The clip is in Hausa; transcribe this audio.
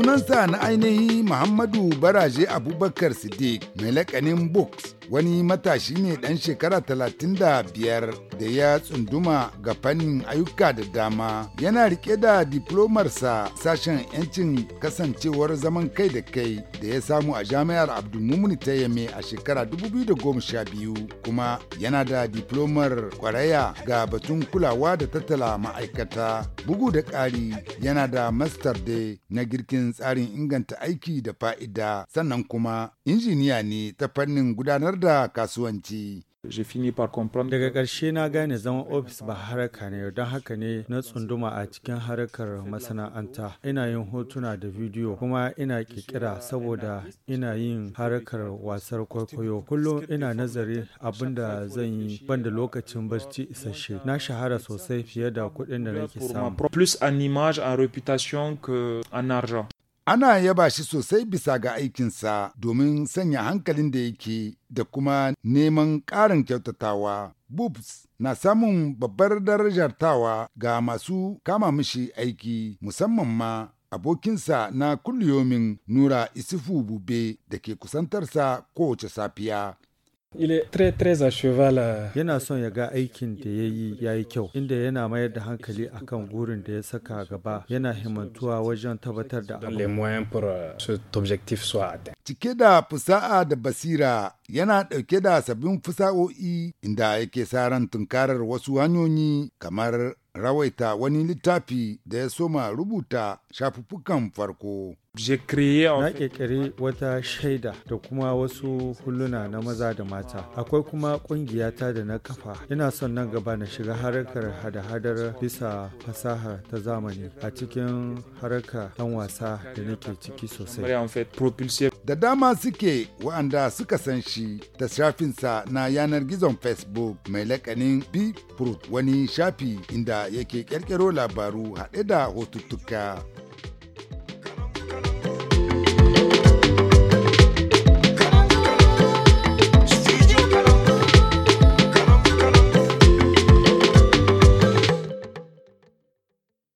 Sunansa na ainihi Muhammadu Baraje Abubakar Siddiq mai lakanin Books wani matashi ne dan shekara talatin da biyar da ya tsunduma ga fannin ayyuka da dama yana rike da diplomarsa sashen 'yancin kasancewar zaman kai da kai da ya samu a jami'ar abdulmumuni ta yame a shekara 2012 kuma yana da diplomar kwaraya ga batun kulawa da tattala ma'aikata bugu da ƙari yana da master day na girkin tsarin inganta aiki da fa'ida sannan kuma injiniya ne ta fannin gudanar da kasuwanci. Daga ƙarshe na gane zama ofis ba haraka ne don haka ne na tsunduma a cikin harkar masana'anta. Ina yin hotuna da bidiyo kuma ina ƙirƙira saboda ina yin harkar wasar kwaikwayo. Kullum ina nazari abin da zan yi ban da lokacin barci isasshe. Na shahara sosai fiye da kuɗin da nake samu. Plus an an reputation ka Ana yaba shi sosai bisa ga aikinsa domin sanya hankalin da yake da kuma neman ƙarin kyautatawa. Boobs na samun babbar darajar tawa ga masu kama mishi aiki musamman ma abokinsa na kulliyomin Nura Isifu Bube da ke kusantarsa kowace safiya. Yana son ya ga aikin da ya yi ya yi kyau, inda yana mayar da hankali a kan gurin da ya saka gaba yana himantuwa wajen tabbatar da abu. Euh, Cike da fusa'a da basira yana ɗauke da sabbin fusa'o'i inda yake sa ran tunkarar wasu hanyoyi kamar rawaita wani littafi da ya soma rubuta shafuffukan farko. Na ƙirƙiri wata shaida da kuma wasu huluna na maza da mata. Akwai kuma ƙungiyata da na kafa. Ina son nan gaba na shiga harkar hada-hadar bisa fasaha ta zamani a cikin harkar ɗan wasa da nake ciki sosai. Da dama suke wa'anda suka san shi da shafinsa na yanar gizon Facebook mai lakanin b fruit wani shafi inda yake kirkiro labaru haɗe da hotuttuka.